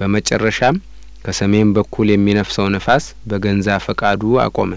በመጨረሻም ከሰሜን በኩል የሚነፍሰው ንፋስ በገንዛ ፈቃዱ አቆመ